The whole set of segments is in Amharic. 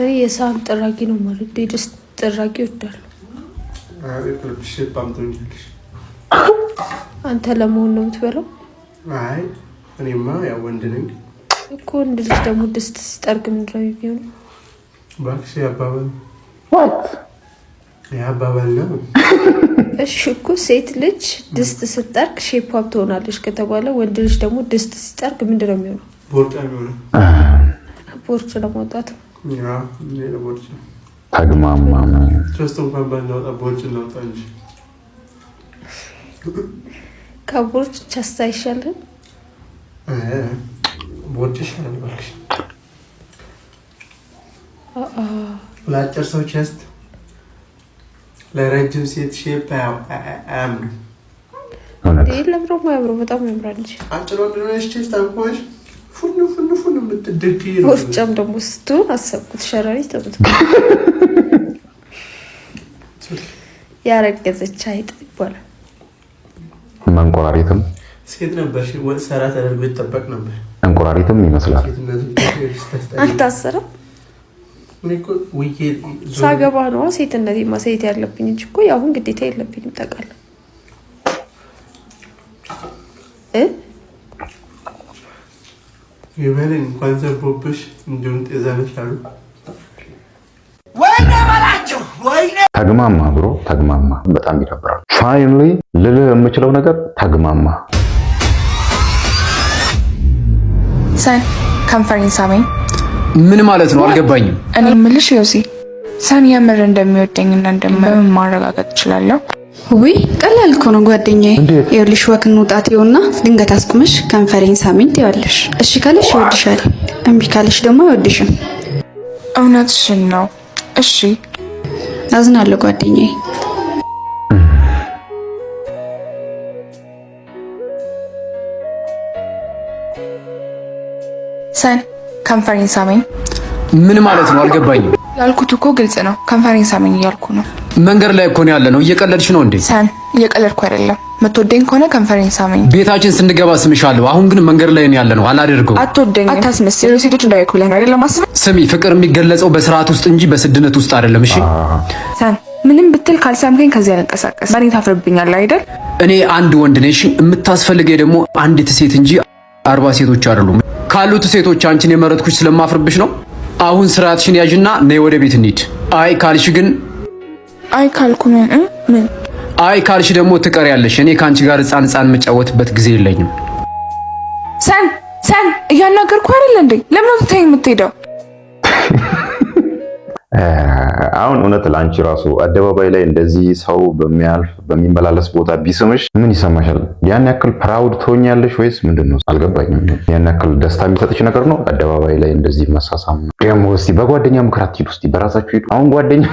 እኔ የሳህን ጥራጊ ነው ማለት የድስት ጥራጊ እወዳለሁ። አንተ ለመሆን ነው የምትበላው? አይ እኔማ ያው ወንድ ነኝ እኮ። ወንድ ልጅ ደግሞ ድስት ሲጠርግ ምንድነው ነው የሚሆነው? እባክሽ ያባባል ያባባል ነው። እሺ እኮ ሴት ልጅ ድስት ስትጠርግ ሼፓፕ ትሆናለች ከተባለ ወንድ ልጅ ደግሞ ድስት ሲጠርግ ምንድን ነው የሚሆነው? ቦርጭ ለማውጣት ተግማማ ከቦርጭ ቸስት አይሻልም? ቦርጭ ይሻላል። ለአጭር ሰው ቸስት፣ ለረጅም ሴት ሼፕ አያምርም። ለምሮም አያምረው፣ በጣም ያምራል። አጭር ወንድ ሆነሽ ቸስት ውስጫም ደግሞ ስቱ አሰብኩት ሸረሪት ተብት ያረገዘች አይጥ ይባላል። መንቆራሪትም ሴት ነበር ሰራ ተደርጎ ይጠበቅ ነበር። መንቆራሪትም ይመስላል። አንተ ሳገባ ነዋ ሴትነት ማሳየት ያለብኝ እንጂ እኮ የአሁን ግዴታ የለብኝም። ታውቃለህ የበሬን እንኳን ዘቦብሽ እንዲሁም ጤዛነሽ አሉ። ወይኔ በላቸው ወይኔ ተግማማ ብሮ ተግማማ በጣም ይደብራል። ፋይናሊ ልልህ የምችለው ነገር ተግማማ። ሰን ከንፈሬን ሳመኝ። ምን ማለት ነው አልገባኝም። እኔ የምልሽ ዮሲ ሰን የምር እንደሚወደኝና ማረጋገጥ እችላለሁ። ውይ ቀላል እኮ ነው ጓደኛዬ። ይኸውልሽ ወክ እንውጣት ይኸውና፣ ድንገት አስቁመሽ ከንፈሬን ሳሚኝ ትይዋለሽ። እሺ ካለሽ ይወድሻል፣ እምቢ ካለሽ ደግሞ አይወድሽም። እውነትሽን ነው። እሺ አዝናለሁ ጓደኛዬ። ሰን ከንፈሬን ሳሚኝ ምን ማለት ነው? አልገባኝም። ያልኩት እኮ ግልጽ ነው። ከንፈሬን ሳሚኝ እያልኩ ነው መንገድ ላይ እኮ ነው ያለ ነው። እየቀለድሽ ነው እንዴ? ሰን እየቀለድኩ አይደለም። የምትወደኝ ከሆነ ከንፈሬን ሳመኝ። ቤታችን ስንገባ ስምሻለሁ። አሁን ግን መንገድ ላይ ነው ያለ ነው። አላደርገው። አትወደኝ፣ አታስመስል። ሌሎች ሴቶች እንዳይኩ ብለህ አይደለም? አስብ። ስሚ፣ ፍቅር የሚገለጸው በስርዓት ውስጥ እንጂ በስድነት ውስጥ አይደለም። እሺ ሰን ምንም ብትል ካልሳምከኝ ከዚህ አልንቀሳቀስ። ማን ታፍርብኛለህ አይደል? እኔ አንድ ወንድ ነሽ፣ የምታስፈልገኝ ደግሞ አንዲት ሴት እንጂ አርባ ሴቶች አይደሉም። ካሉት ሴቶች አንቺን የመረጥኩሽ ስለማፍርብሽ ነው። አሁን ስርዓትሽን ያዥና ነይ ወደ ቤት እንሂድ። አይ ካልሽ ግን አይ ካልኩ ምን አይ ካልሽ ደግሞ ትቀሪያለሽ። እኔ ከአንቺ ጋር ህፃን ህፃን የምጫወትበት ጊዜ የለኝም። ሰን ሰን እያናገርኩ አይደለ እንዴ? ለምን ትተኸኝ የምትሄደው? አሁን እውነት ለአንቺ ራሱ አደባባይ ላይ እንደዚህ ሰው በሚያልፍ በሚመላለስ ቦታ ቢስምሽ ምን ይሰማሻል? ያን ያክል ፕራውድ ትሆኛለሽ ወይስ ምንድን ነው አልገባኝም። ያን ያክል ደስታ የሚሰጥሽ ነገር ነው አደባባይ ላይ እንደዚህ መሳሳም ነው ደግሞ። እስኪ በጓደኛ ምክር አትሂዱ፣ እስኪ በራሳችሁ ሂዱ። አሁን ጓደኛ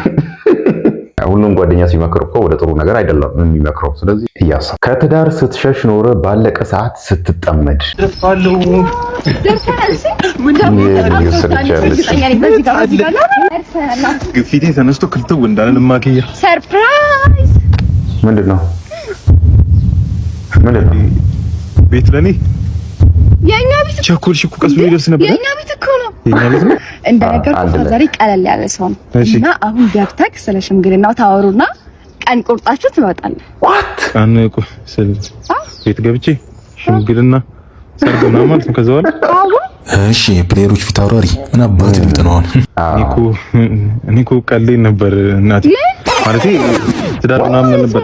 ሁሉም ጓደኛ ሲመክር እኮ ወደ ጥሩ ነገር አይደለም የሚመክረው። ስለዚህ እያሰብ ከትዳር ስትሸሽ ኖረ ባለቀ ሰዓት ስትጠመድ ግፊቴ ተነስቶ ክልትው እንዳለ ልማክያ ሰርፕራይዝ ምንድን ነው? ምንድን ነው ቤት ለኔ የኛ ቤት ቸኮልሽ እኮ ቀስ ብሎ ይደርስ ነበር። የኛ ቤት እኮ ነው። የኛ ቤት ነው ዛሬ ቀለል ያለ ሰው ነው እና አሁን ገብተህ ስለ ሽምግልናው ታወሩና ቀን ቁርጣችሁ ትመጣለህ። ዋት ቀን ቁርጥ ስለ ቤት ገብቼ ሽምግልና ሰርግ ምናምን ማለት ነው። ከዛ በኋላ እሺ፣ ፕሌየሮች ፊት አውራሪ ምን አባት ነው አሁን። ነበር እናቴ ማለቴ ትዳር ምናምን ነበር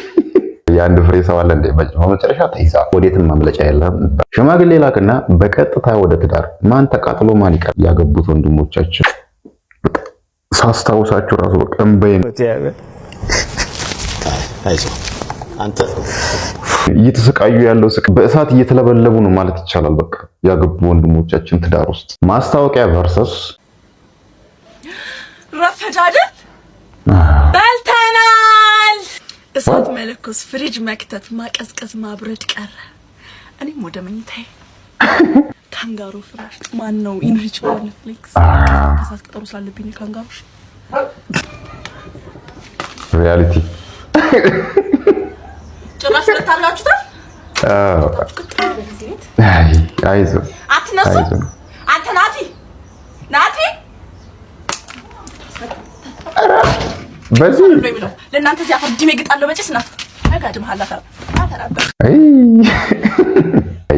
የአንድ ፍሬ ሰው አለ እንደ በመጨረሻ ተይዛ ወዴትም ማምለጫ የለም። ሽማግሌ ላክና በቀጥታ ወደ ትዳር ማን ተቃጥሎ ማን ይቀር። ያገቡት ወንድሞቻችን ሳስታውሳችሁ ራሱ በቃ እንበይ እየተሰቃዩ ያለው ስቅ በእሳት እየተለበለቡ ነው ማለት ይቻላል። በቃ ያገቡ ወንድሞቻችን ትዳር ውስጥ ማስታወቂያ ቨርሰስ ረፈዳደ እሳት መለኮስ፣ ፍሪጅ መክተት፣ ማቀዝቀዝ፣ ማብረድ ቀረ። እኔም ወደ መኝታዬ ካንጋሮ ፍራሽ ማን ነው ኢንሪች ኔትፍሊክስ ከሳት ቅጠሩ ስላለብኝ ካንጋሮሽ ሪያሊቲ ጭራሽ ለታላችሁታል። አይዞህ አትነሱም በዚህ ለእናንተ እዚህ አፈር ዲሜ ግጣለሁ በጭስ ና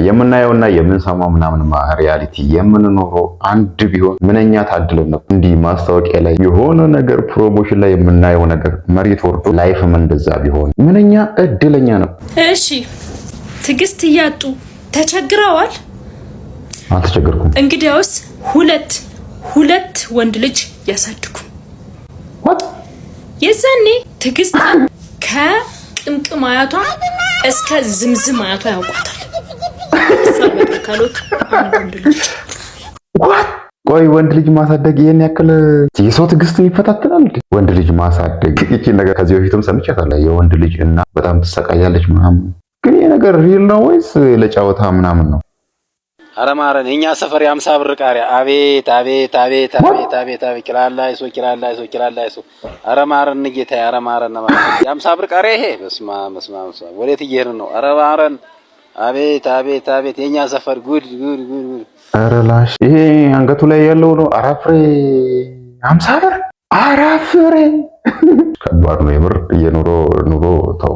የምናየውና የምንሰማው ምናምን ሪያሊቲ የምንኖረው አንድ ቢሆን ምንኛ ታድለን ነው። እንዲህ ማስታወቂያ ላይ የሆነ ነገር ፕሮሞሽን ላይ የምናየው ነገር መሬት ወርዶ ላይፍም እንደዛ ቢሆን ምንኛ እድለኛ ነው። እሺ ትዕግስት እያጡ ተቸግረዋል። አልተቸገርኩም። እንግዲያውስ ሁለት ሁለት ወንድ ልጅ ያሳድጉ። የዛኔ ትዕግስት ከቅምቅም አያቷ እስከ ዝምዝም አያቷ ያውቋታል። ቆይ ወንድ ልጅ ማሳደግ ይህን ያክል የሰው ትዕግስትን ይፈታተናል? ወንድ ልጅ ማሳደግ ይቺን ነገር ከዚህ በፊትም ሰምቻታለሁ። የወንድ ልጅ እና በጣም ትሰቃያለች ምናምን። ግን ይሄ ነገር ሪል ነው ወይስ ለጫወታ ምናምን ነው? ኧረ ማረን የኛ ሰፈር የአምሳ ብር ቃሪያ አቤት አቤት አቤት አቤት አቤት አቤት አይሶ ኪላላይሶ ኪላላይሶ ኪላላይሶ ኧረ ማረን ጌታ ኧረ ማረን የአምሳ ብር ቃሪያ ይሄ በስመ አብ በስመ አብ ወዴት እየሄድን ነው? ኧረ ማረን አቤት አቤት አቤት የኛ ሰፈር ጉድ ጉድ ጉድ ጉድ ኧረ ላሽ ይሄ አንገቱ ላይ ያለው ነው። አራት ፍሬ አምሳ ብር አራት ፍሬ ከባድ ነው የምር የኑሮ ኑሮ ተው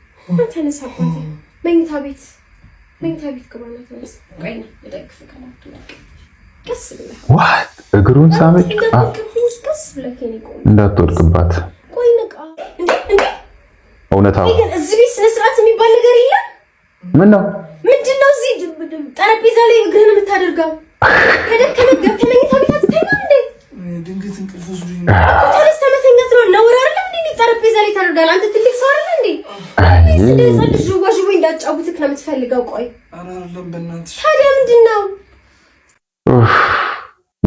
ተነሳባት። መኝታ ቤት መኝታ ቤት ግባና ተነሳ። ቀስ ብለህ እግሩን ሳመች ቀስ ብለህ እንዳትወድቅባት። ቆይ ግን እዚህ ቤት ስነ ስርዓት የሚባል ነገር የለም። ምን ነው ምንድን ነው እዚህ ጠረጴዛ ላይ እግርህን የምታደርገው? ከደከመት ገብተህ ቤት እንዴ? ተነስተህ መተኛት ነው ነውር አይደለም እንዴ? ጠረጴዛ ላይ ታደርጋለህ አንተ ትልቅ ሰው አይደለ እንዴ? ስለዚህ እንዳጫውትክ ነው የምትፈልገው? ቆይ ታዲያ ምንድን ነው?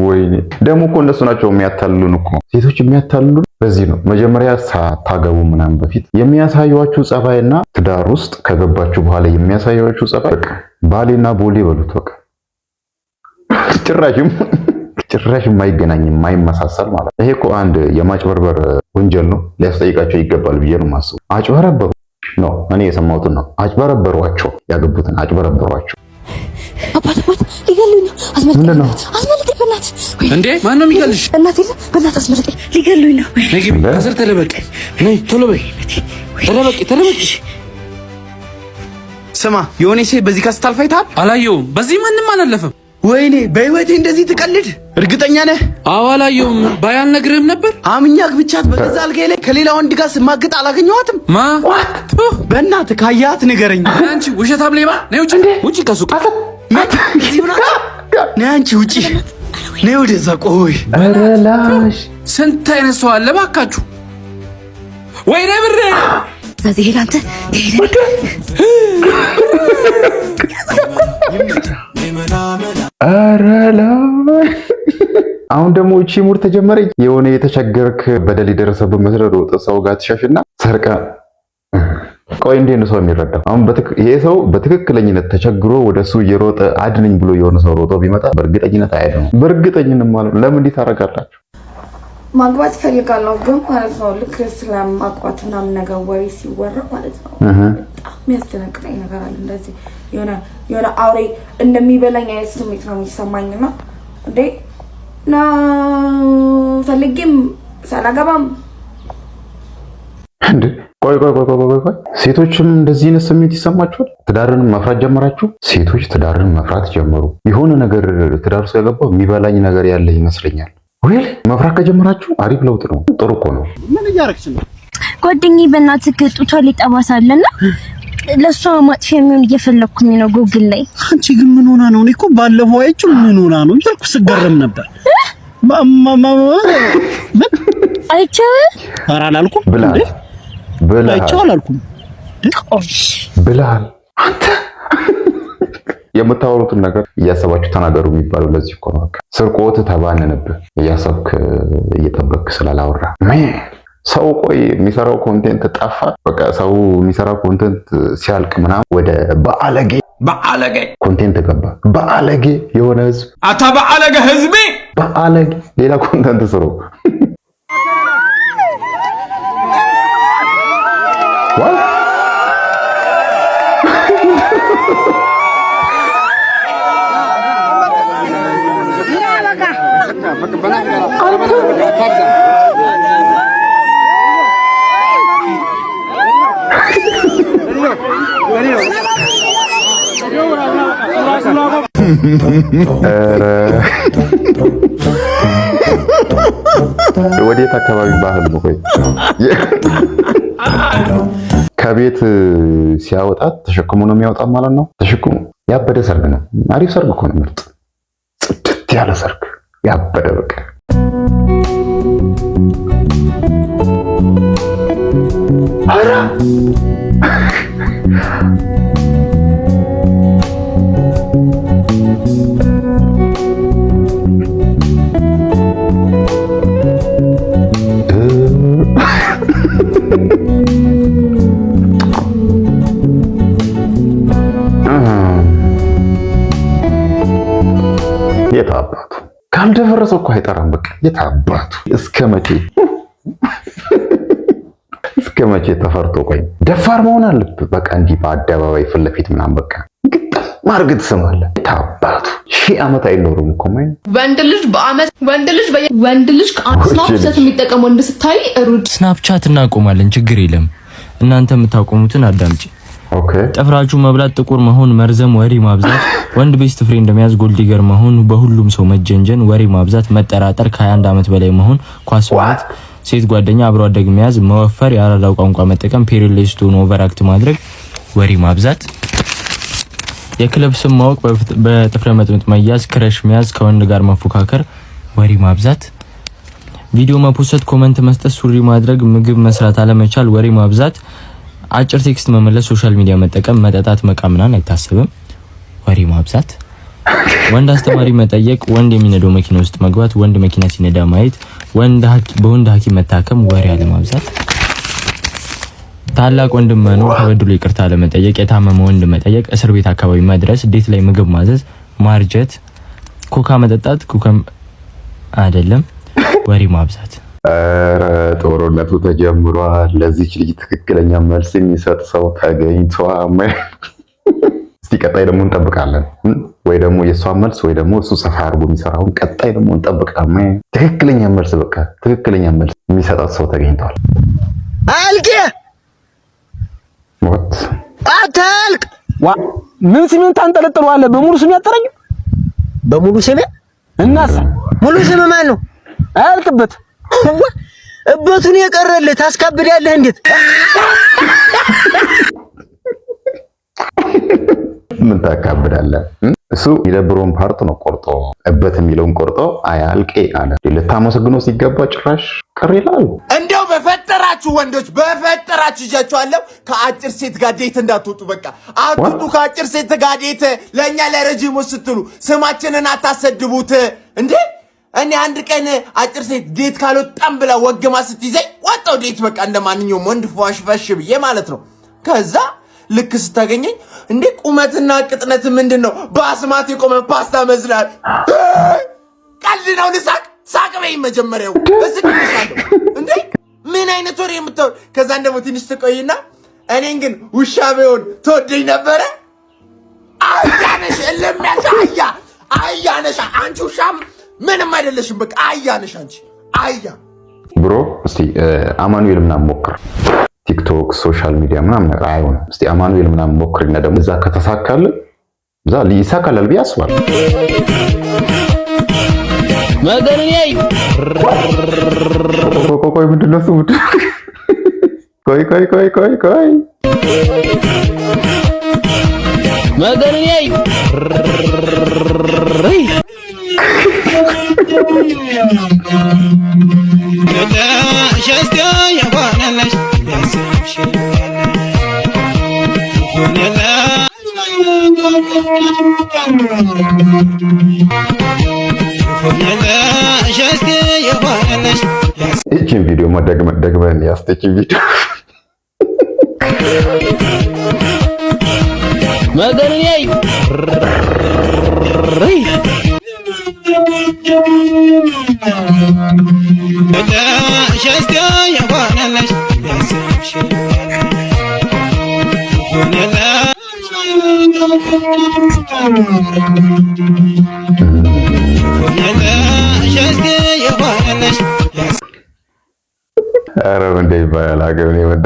ወይኔ ደግሞ እኮ እንደሱ ናቸው የሚያታልሉን እኮ ሴቶች የሚያታልሉን በዚህ ነው። መጀመሪያ ሳታገቡ ምናምን በፊት የሚያሳዩዋችሁ ጸባይና ትዳር ውስጥ ከገባችሁ በኋላ የሚያሳዩዋችሁ ጸባይ ባሌና ቦሌ በሉት በቃ ጭራሽም ጭራሽ የማይገናኝ የማይመሳሰል ማለት ይሄ እኮ አንድ የማጭበርበር ወንጀል ነው። ሊያስጠይቃቸው ይገባል ብዬ ነው የማስበው። አጭበረበሩ ነው እኔ የሰማሁትን ነው። አጭበረበሯቸው፣ ያገቡትን አጭበረበሯቸው። አባት አባት ሊገሉኝ ነው። አስመልጠኝ ነው አስመልጠኝ። በእናትህ እንዴ! ማን ነው የሚገልሽ? እናት የለም። በእናትህ አስመልጠኝ፣ ሊገሉኝ ነው። ነግቢ ከስር ተደበቂ፣ ነይ ቶሎ በይ፣ ተደበቂ፣ ተደበቂ። ስማ የሆነ ሴት በዚህ ከስታልፋይታል። አላየሁም። በዚህ ማንም አላለፈም። ወይኔ በህይወቴ እንደዚህ ትቀልድ? እርግጠኛ ነህ? አዎ፣ አላየሁም። ባይ አልነግርህም ነበር። አምኛክ ብቻት በገዛ አልጋዬ ላይ ከሌላ ወንድ ጋር ስማግጥ አላገኘኋትም። ማ? በእናትህ ካያት ንገረኝ። አንቺ ውሸታም ሌባ! ነይ ውጭ፣ ውጭ ከሱቅ ነይ አንቺ ውጪ! ነይ ወደዛ። ቆይ በረላሽ ስንት አይነት ሰው አለ ባካችሁ! ወይ ነብር! ስለዚህ ሄድ አንተ አሁን ደግሞ እቺ ሙር ተጀመረ። የሆነ የተቸገርክ በደል የደረሰብን መስለህ ወጥ ሰው ጋር ትሻሽና ሰርቀ ቆይ እንዴት ነው ሰው የሚረዳው? አሁን ይሄ ሰው በትክክለኝነት ተቸግሮ ወደሱ እየሮጠ አድነኝ ብሎ የሆነ ሰው ሮጦ ቢመጣ በእርግጠኝነት ነው። በእርግጠኝነት ማለት ለምን እንዲህ ታደርጋላችሁ? ማግባት ፈልጋለሁ ግን ማለት ነው ልክ ስለማግባት ምናምን ነገር ወሬ ሲወራ ማለት ነው በጣም የሚያስደነግጠኝ ነገር አለ። እንደዚህ የሆነ የሆነ አውሬ እንደሚበላኝ አይነት ስሜት ነው የሚሰማኝና እንዴ ና ፈልጌም ሳላገባም እንዴ? ቆይ ቆይ ቆይ ቆይ ቆይ፣ ሴቶችም እንደዚህ አይነት ስሜት ይሰማችኋል? ትዳርን መፍራት ጀመራችሁ? ሴቶች ትዳርን መፍራት ጀመሩ። የሆነ ነገር ትዳር ውስጥ ከገባሁ የሚበላኝ ነገር ያለ ይመስለኛል። ወይ መፍራት ከጀመራችሁ አሪፍ ለውጥ ነው። ጥሩ እኮ ነው። ምን እያደረግሽ ነው? ጓደኛዬ በእናትህ ጡቷ ሊጠባሳልና ለእሷ ማጥፊ የሚሆን እየፈለኩኝ ነው ጉግል ላይ። አንቺ ግን ምን ሆና ነው? እኔ እኮ ባለፈው አይቼው ምን ሆና ነው እያልኩ ስገረም ነበር። ማማማ አይቼው ኧረ አላልኩም ብላ ብላ አይቼው አላልኩም ብላ አንተ የምታወሩትን ነገር እያሰባችሁ ተናገሩ የሚባለው ለዚህ እኮ ነው። ስርቆት ተባንንብህ እያሰብክ እየጠበቅክ ስላላወራ ሰው ቆይ የሚሰራው ኮንቴንት ጠፋ። በቃ ሰው የሚሰራው ኮንቴንት ሲያልቅ ምናምን ወደ በአለጌ በአለጌ ኮንቴንት ገባ። በአለጌ የሆነ ህዝብ አታ በአለገ ህዝቤ በአለጌ ሌላ ኮንቴንት ስሩ። ወዴት አካባቢ ባህል ነው? ቆይ ከቤት ሲያወጣት ተሸክሞ ነው የሚያወጣት ማለት ነው። ተሸክሞ ያበደ ሰርግ ነው። አሪፍ ሰርግ እኮ ነው። ምርጥ ጽድት ያለ ሰርግ ያበደ በቃ ኧረ የት አባቱ ካልደፈረሰው እኮ አይጠራም። በቃ የት አባቱ እስከ መቼ እስከ መቼ ተፈርቶ ቆይ? ደፋር መሆን አለብህ። በቃ እንዲህ በአደባባይ ፊት ለፊት ምናምን በቃ ግጥም ማርግጥ ስማለ ታባቱ ሺህ ዓመት አይኖርም እኮ ማይ ወንድ ልጅ በአመት ወንድ ልጅ ወንድ ልጅ ስናፕቻት የሚጠቀም ወንድ ስታይ ሩድ ስናፕቻት እናቆማለን። ችግር የለም እናንተ የምታቆሙትን አዳምጪ። ኦኬ ጠፍራችሁ መብላት፣ ጥቁር መሆን፣ መርዘም፣ ወሬ ማብዛት፣ ወንድ ቤስት ፍሬንድ መያዝ፣ ጎልዲገር መሆን፣ በሁሉም ሰው መጀንጀን፣ ወሬ ማብዛት፣ መጠራጠር፣ ከ21 ዓመት በላይ መሆን፣ ኳስ ሴት ጓደኛ፣ አብሮ አደግ መያዝ፣ መወፈር፣ የአራዳው ቋንቋ መጠቀም፣ ፔሪሌስቱ ኦቨር አክት ማድረግ፣ ወሬ ማብዛት፣ የክለብ ስም ማወቅ፣ በጥፍረ መጥመጥ መያዝ፣ ክረሽ መያዝ፣ ከወንድ ጋር መፎካከር፣ ወሬ ማብዛት ቪዲዮ መፖሰት፣ ኮመንት መስጠት፣ ሱሪ ማድረግ፣ ምግብ መስራት አለመቻል፣ ወሬ ማብዛት፣ አጭር ቴክስት መመለስ፣ ሶሻል ሚዲያ መጠቀም፣ መጠጣት፣ መቃምናን አይታሰብም፣ ወሬ ማብዛት፣ ወንድ አስተማሪ መጠየቅ፣ ወንድ የሚነዳው መኪና ውስጥ መግባት፣ ወንድ መኪና ሲነዳ ማየት በወንድ ሐኪም መታከም ወሬ አለማብዛት፣ ታላቅ ወንድም መኖር፣ ተበድሎ ይቅርታ ለመጠየቅ፣ የታመመ ወንድ መጠየቅ፣ እስር ቤት አካባቢ መድረስ፣ ዴት ላይ ምግብ ማዘዝ፣ ማርጀት፣ ኮካ መጠጣት፣ ኮከም አይደለም ወሬ ማብዛት። ኧረ ጦርነቱ ተጀምሯል። ለዚች ልጅ ትክክለኛ መልስ የሚሰጥ ሰው ማለት እስቲ ቀጣይ ደግሞ እንጠብቃለን። ወይ ደግሞ የእሷን መልስ ወይ ደግሞ እሱ ሰፋ አድርጎ የሚሰራውን ቀጣይ ደግሞ እንጠብቃለን። ትክክለኛ መልስ በቃ ትክክለኛ መልስ የሚሰጣት ሰው ተገኝቷል። አልቄ አታልቅ። ምን ሲሚንቶ አንጠለጥለዋለህ? በሙሉ ስም ያጠረኝ በሙሉ ስም እናስ ሙሉ ስም ማን ነው? አያልቅበት እበቱን የቀረልህ ታስካብዳለህ እንዴት ምን ታካብዳለህ? እሱ የደብሮን ፓርት ነው ቆርጦ እበት የሚለውን ቆርጦ አያልቄ አለ። ልታመሰግኖ ሲገባ ጭራሽ ቅር ይላሉ። እንደው በፈጠራችሁ ወንዶች በፈጠራችሁ ይዣችኋለሁ፣ ከአጭር ሴት ጋር ዴት እንዳትወጡ። በቃ አትውጡ ከአጭር ሴት ጋር ዴት። ለእኛ ለረጅሞች ስትሉ ስማችንን አታሰድቡት እንዴ እኔ አንድ ቀን አጭር ሴት ዴት ካልወጣም ብላ ወግማ ስትይዘኝ ወጣው ዴት በቃ እንደ ማንኛውም ወንድ ፈሽ ብዬ ማለት ነው። ከዛ ልክ ስታገኘኝ እንዴ ቁመትና ቅጥነት ምንድን ነው? በአስማት የቆመ ፓስታ መስላል። ቀልድ ነው። ልሳቅ ሳቅ በይ መጀመሪያው እስቅሻለሁ። እንዴ ምን አይነት ወሬ የምታወ ከዛን ደግሞ ትንሽ ትቆይና እኔን ግን ውሻ ቢሆን ትወደኝ ነበረ። አህያ ነሽ፣ እልም ያልሽ አህያ አህያ ነሽ አንቺ። ውሻ ምንም አይደለሽም። በቃ አህያ ነሽ አንቺ አህያ። ብሮ እስቲ አማኑኤል ምናምን ሞክር ቲክቶክ፣ ሶሻል ሚዲያ ምናምን ነገር አይሆንም። እስቲ አማኑኤል ምናምን ሞክርና ደግሞ እዛ ከተሳካል እዛ ይሳካላል ብዬ አስባለሁ። መገናኛይ ቆይ ምንድን ነው እሱ? ቆይ ቆይ ቆይ ቆይ ቆይ መገናኛይ ሸስቲያ ይችን ቪዲዮ ደግመን ያስተችን ቪዲዮ መገን አረብ እንደ ይባላል አገብ ምንድን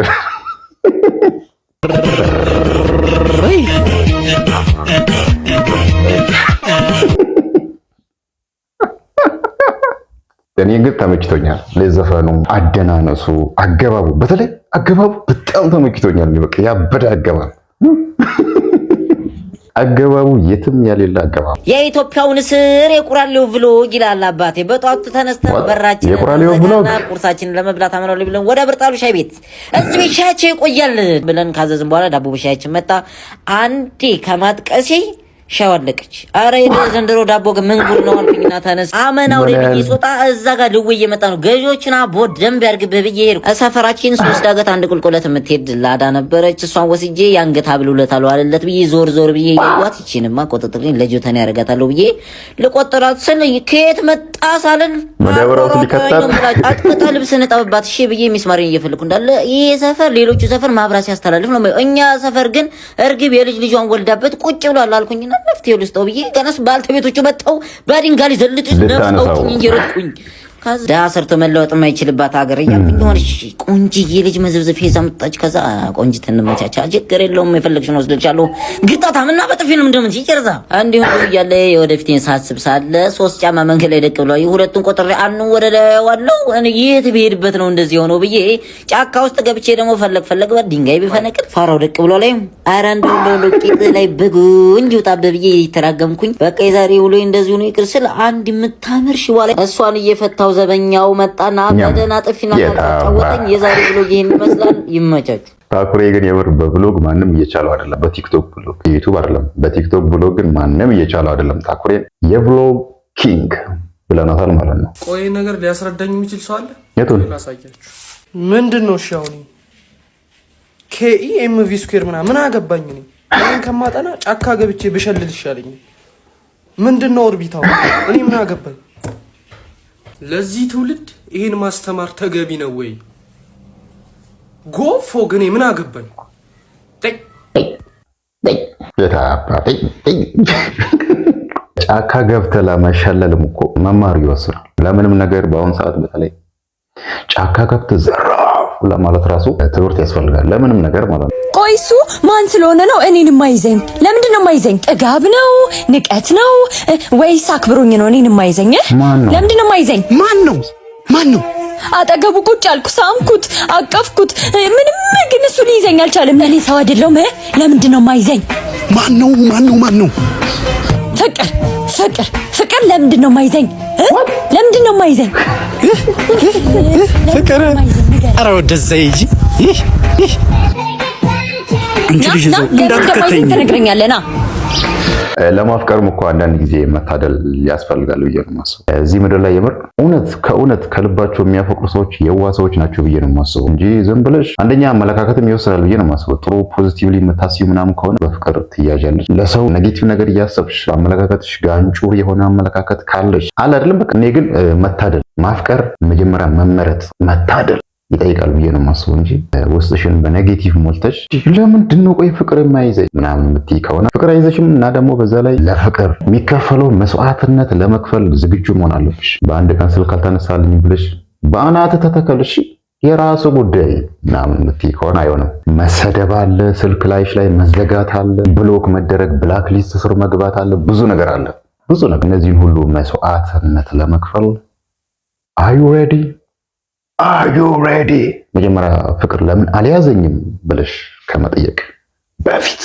እኔ ግን ተመችቶኛል። ለዘፈኑ አደናነሱ፣ አገባቡ፣ በተለይ አገባቡ በጣም ተመችቶኛል። በቃ ያበደ አገባብ አገባቡ የትም ያሌለ አገባቡ የኢትዮጵያውን ስር የቁራሌው ብሎግ ይላል አባቴ። በጧቱ ተነስተን በራችን የቁራሌው ብሎግ ቁርሳችንን ለመብላት አመናሉ ብለን ወደ ብርጣሉ ሻይ ቤት እዚህ ቤት ሻያቸው ይቆያል ብለን ካዘዝን በኋላ ዳቦ በሻያችን መጣ። አንዴ ከማጥቀሴ ሻዋለቀች አረ ዘንድሮ ዳቦ ግን ምን ጉድ ነው አልኩኝና ተነስ አመናው ብዬ ስወጣ እዛ ጋር ልው እየመጣ ነው ገዢዎችን አቦ ደንብ ያድርግብህ ብዬ ሄድኩ። ሰፈራችን ሶስት ዳገት አንድ ቁልቁለት የምትሄድ ላዳ ነበረች። እሷን ወስጄ የአንገት ሀብል ውለታ አለለት ብዬ ዞር ዞር ብዬ እያዋት ይችንማ ቆጥጥልኝ ለጆተን ያደርጋታለሁ ብዬ ልቆጠራት ስል ከየት መጣ ሳልን አጥቅታ ልብስ ንጠብባት እሺ ብዬ ሚስማሪን እየፈለኩ እንዳለ ይህ ሰፈር ሌሎቹ ሰፈር ማብራት ሲያስተላልፍ ነው። እኛ ሰፈር ግን እርግብ የልጅ ልጇን ወልዳበት ቁጭ ብሏል አልኩኝና መፍትሄ ልስጠው ብዬ ገነስ ባልተቤቶቹ መጥተው በድንጋይ ዘልጥ ነፍጠውኝ እየረጥኩኝ ዳ ሰርቶ መለወጥ የማይችልባት ሀገር እያልኩኝ የሆነች ቆንጅዬ ልጅ መዝብዝፍ ይዛ መጣች። ከዛ ቆንጅት ትንመቻቻ ችግር የለውም የፈለግሽን ወስደልሻለሁ ግጣታ ምና በጥፊንም እንደምን ሲጨርዛ እንዲሁም እያለ የወደፊቴን ሳስብ ሳለ ሶስት ጫማ መንገድ ላይ ደቅ ብሏ ሁለቱን ቆጥሬ አኑ ወደ ዋለው የት ብሄድበት ነው እንደዚህ የሆነው ብዬ ጫካ ውስጥ ገብቼ ደግሞ ፈለግ ፈለግ በር ድንጋይ ቢፈነቅል ፋራው ደቅ ብሎ ላይ አረ እንደሆነ ቂጥ ላይ ብጉ እንጂ ውጣበት ብዬ የተራገምኩኝ በቃ የዛሬ ውሎ እንደዚሁ ነው ይቅር ስል አንድ የምታምር ሽባ ላይ እሷን እየፈታ ዋናው ዘበኛው መጣና በደህና ጥፊና ካልጫወተኝ የዛሬ ብሎግ ይህን ይመስላል። ይመቻችሁ። ታኩሬ ግን የምር በብሎግ ማንም እየቻለው አይደለም። በቲክቶክ ብሎግ ዩቱብ አይደለም፣ በቲክቶክ ብሎግ ግን ማንም እየቻለው አይደለም። ታኩሬ የብሎግ ኪንግ ብለናታል ማለት ነው። ቆይ ነገር ሊያስረዳኝ የሚችል ሰው አለ? የቱን ላሳያችሁ። ምንድን ነው እሺ? አሁን ኬኢኤምቪ ስኩዌር e ምናምን አገባኝ እኔ ይህን ከማጠና ጫካ ገብቼ ብሸልል ይሻለኝ። ምንድን ነው ኦርቢታው? እኔ ምን አገባኝ? ለዚህ ትውልድ ይህን ማስተማር ተገቢ ነው ወይ? ጎፎ ግን ምን አገባኝ። ጫካ ገብተ ለመሸለልም እኮ መማር ይወስናል። ለምንም ነገር በአሁኑ ሰዓት በተለይ ጫካ ገብተ ዘራ ሁላ ማለት ራሱ ትምህርት ያስፈልጋል ለምንም ነገር ማለት ነው። ቆይ እሱ ማን ስለሆነ ነው እኔን የማይዘኝ? ለምንድን ነው የማይዘኝ? ጥጋብ ነው? ንቀት ነው? ወይስ አክብሮኝ ነው እኔን የማይዘኝ? ለምንድን ነው የማይዘኝ? ማን ነው ማን ነው? አጠገቡ ቁጭ አልኩ፣ ሳምኩት፣ አቀፍኩት፣ ምንም ግን እሱ ሊይዘኝ አልቻለም። ለእኔ ሰው አይደለሁም። ለምንድን ነው የማይዘኝ? ማን ነው ማን ነው ማን ነው? ፍቅር ፍቅር ፍቅር ለምንድን ነው የማይዘኝ? ለምንድን ነው የማይዘኝ? ፍቅር ኧረ ወደዛ ሂጂ። ትነግረኛለህ እኮ አንዳንድ ጊዜ መታደል ያስፈልጋል ብዬ ነው የማስበው። እዚህ ምድር ላይ የምር እውነት ከእውነት ከልባቸው የሚያፈቅሩ ሰዎች የዋ ሰዎች ናቸው ብዬ ነው የማስበው እንጂ ዝም ብለሽ አንደኛ አመለካከትም ይወስናል ብዬ ነው የማስበው። ጥሩ ፖዚቲቭሊ የምታስቢ ምናምን ከሆነ በፍቅር ትያዣለች። ለሰው ኔጌቲቭ ነገር እያሰብሽ አመለካከትሽ ጋንጩ የሆነ አመለካከት ካለሽ አለ አይደለም። በቃ እኔ ግን መታደል ማፍቀር መጀመሪያ መመረጥ መታደል ይጠይቃል ብዬ ነው የማስበው እንጂ ውስጥሽን በኔጌቲቭ ሞልተሽ ለምንድን ነው ቆይ ፍቅር የማይዘኝ ምናምን የምትይ ከሆነ ፍቅር አይዘሽም። እና ደግሞ በዛ ላይ ለፍቅር የሚከፈለው መስዋዕትነት ለመክፈል ዝግጁ መሆን አለብሽ። በአንድ ቀን ስልክ አልተነሳልኝ ብለሽ በአናት ተተከልሽ የራሱ ጉዳይ ምናምን የምትይ ከሆነ አይሆንም። መሰደብ አለ፣ ስልክ ላይሽ ላይ መዘጋት አለ፣ ብሎክ መደረግ፣ ብላክ ሊስት ስር መግባት አለ፣ ብዙ ነገር አለ ብዙ ነገር። እነዚህን ሁሉ መስዋዕትነት ለመክፈል አዩ ሬዲ አር ዩ ሬዲ መጀመሪያ ፍቅር ለምን አልያዘኝም ብለሽ ከመጠየቅ በፊት